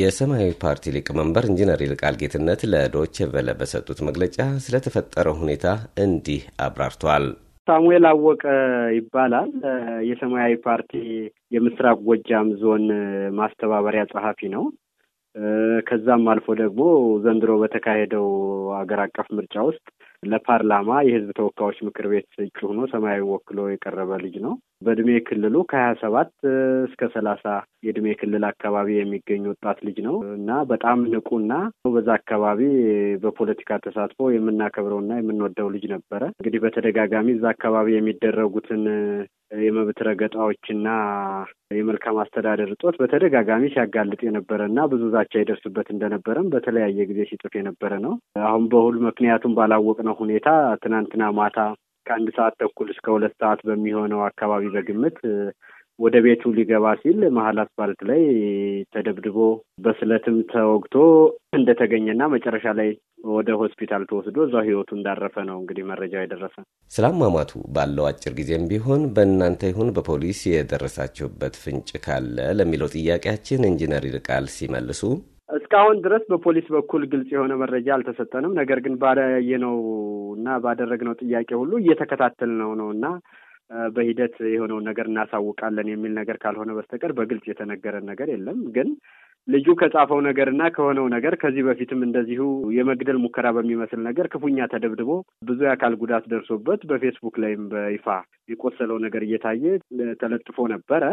የሰማያዊ ፓርቲ ሊቀመንበር ኢንጂነር ይልቃል ጌትነት ለዶች ቨለ በሰጡት መግለጫ ስለተፈጠረው ሁኔታ እንዲህ አብራርተዋል። ሳሙኤል አወቀ ይባላል። የሰማያዊ ፓርቲ የምስራቅ ጎጃም ዞን ማስተባበሪያ ጸሐፊ ነው። ከዛም አልፎ ደግሞ ዘንድሮ በተካሄደው አገር አቀፍ ምርጫ ውስጥ ለፓርላማ የህዝብ ተወካዮች ምክር ቤት እጩ ሆኖ ሰማያዊ ወክሎ የቀረበ ልጅ ነው። በእድሜ ክልሉ ከሀያ ሰባት እስከ ሰላሳ የእድሜ ክልል አካባቢ የሚገኝ ወጣት ልጅ ነው እና በጣም ንቁና በዛ አካባቢ በፖለቲካ ተሳትፎ የምናከብረውና የምንወደው ልጅ ነበረ። እንግዲህ በተደጋጋሚ እዛ አካባቢ የሚደረጉትን የመብት ረገጣዎችና የመልካም አስተዳደር እጦት በተደጋጋሚ ሲያጋልጥ የነበረ እና ብዙ ዛቻ ይደርስበት እንደነበረም በተለያየ ጊዜ ሲጽፍ የነበረ ነው። አሁን በሁል ምክንያቱም ባላወቅነው ሁኔታ ትናንትና ማታ ከአንድ ሰዓት ተኩል እስከ ሁለት ሰዓት በሚሆነው አካባቢ በግምት ወደ ቤቱ ሊገባ ሲል መሀል አስፋልት ላይ ተደብድቦ በስለትም ተወግቶ እንደተገኘና መጨረሻ ላይ ወደ ሆስፒታል ተወስዶ እዛ ህይወቱ እንዳረፈ ነው እንግዲህ መረጃው የደረሰ። ስለ አሟሟቱ ባለው አጭር ጊዜም ቢሆን በእናንተ ይሁን በፖሊስ የደረሳችሁበት ፍንጭ ካለ ለሚለው ጥያቄያችን ኢንጂነር ይልቃል ሲመልሱ እስካሁን ድረስ በፖሊስ በኩል ግልጽ የሆነ መረጃ አልተሰጠንም። ነገር ግን ባየነው እና ባደረግነው ጥያቄ ሁሉ እየተከታተል ነው ነው እና በሂደት የሆነውን ነገር እናሳውቃለን የሚል ነገር ካልሆነ በስተቀር በግልጽ የተነገረን ነገር የለም። ግን ልጁ ከጻፈው ነገር እና ከሆነው ነገር ከዚህ በፊትም እንደዚሁ የመግደል ሙከራ በሚመስል ነገር ክፉኛ ተደብድቦ ብዙ የአካል ጉዳት ደርሶበት በፌስቡክ ላይም በይፋ የቆሰለው ነገር እየታየ ተለጥፎ ነበረ።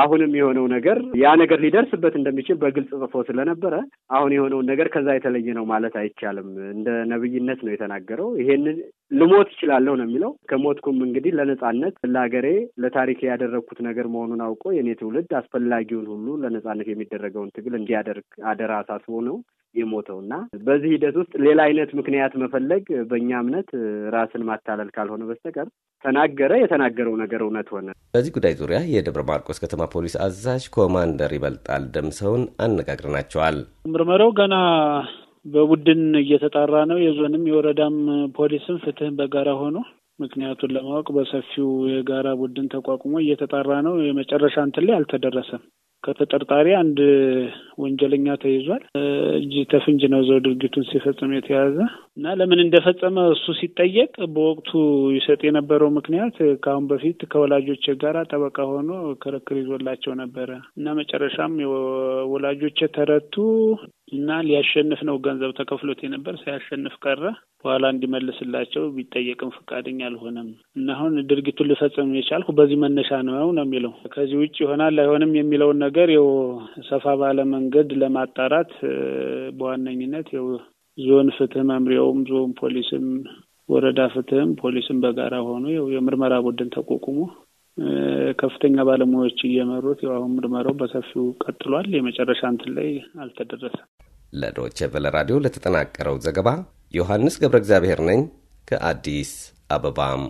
አሁንም የሆነው ነገር ያ ነገር ሊደርስበት እንደሚችል በግልጽ ጽፎ ስለነበረ አሁን የሆነውን ነገር ከዛ የተለየ ነው ማለት አይቻልም። እንደ ነብይነት ነው የተናገረው። ይሄንን ልሞት እችላለሁ ነው የሚለው። ከሞትኩም እንግዲህ ለነጻነት ለሀገሬ ለታሪክ ያደረግኩት ነገር መሆኑን አውቆ የኔ ትውልድ አስፈላጊውን ሁሉ ለነጻነት የሚደረገውን ትግል እንዲያደርግ አደራ አሳስቦ ነው የሞተው እና በዚህ ሂደት ውስጥ ሌላ አይነት ምክንያት መፈለግ በእኛ እምነት ራስን ማታለል ካልሆነ በስተቀር ተናገረ። የተናገረው ነገር እውነት ሆነ። በዚህ ጉዳይ ዙሪያ የደብረ ማርቆስ ከተማ ፖሊስ አዛዥ ኮማንደር ይበልጣል ደምሰውን አነጋግረናቸዋል። ምርመራው ገና በቡድን እየተጣራ ነው። የዞንም የወረዳም ፖሊስም ፍትህን በጋራ ሆኖ ምክንያቱን ለማወቅ በሰፊው የጋራ ቡድን ተቋቁሞ እየተጣራ ነው። የመጨረሻ እንትን ላይ አልተደረሰም። ከተጠርጣሪ አንድ ወንጀለኛ ተይዟል። እጅ ተፍንጅ ነው ዘው ድርጊቱን ሲፈጽም የተያዘ እና ለምን እንደፈጸመ እሱ ሲጠየቅ በወቅቱ ይሰጥ የነበረው ምክንያት ከአሁን በፊት ከወላጆች ጋር ጠበቃ ሆኖ ክርክር ይዞላቸው ነበረ እና መጨረሻም ወላጆች ተረቱ፣ እና ሊያሸንፍ ነው ገንዘብ ተከፍሎት የነበር ሲያሸንፍ ቀረ። በኋላ እንዲመልስላቸው ቢጠየቅም ፈቃደኛ አልሆነም እና አሁን ድርጊቱን ልፈጽም የቻልኩ በዚህ መነሻ ነው ነው የሚለው ከዚህ ውጭ ይሆናል አይሆንም የሚለውን ነገር ው ሰፋ ባለ መንገድ ለማጣራት በዋነኝነት ው ዞን ፍትህ መምሪያውም ዞን ፖሊስም ወረዳ ፍትህም ፖሊስም በጋራ ሆኑ የምርመራ ቡድን ተቋቁሞ ከፍተኛ ባለሙያዎች እየመሩት አሁን ምርመራው በሰፊው ቀጥሏል። የመጨረሻ እንትን ላይ አልተደረሰም። ለዶቼ ቨለ ራዲዮ ለተጠናቀረው ዘገባ ዮሐንስ ገብረ እግዚአብሔር ነኝ ከአዲስ አበባም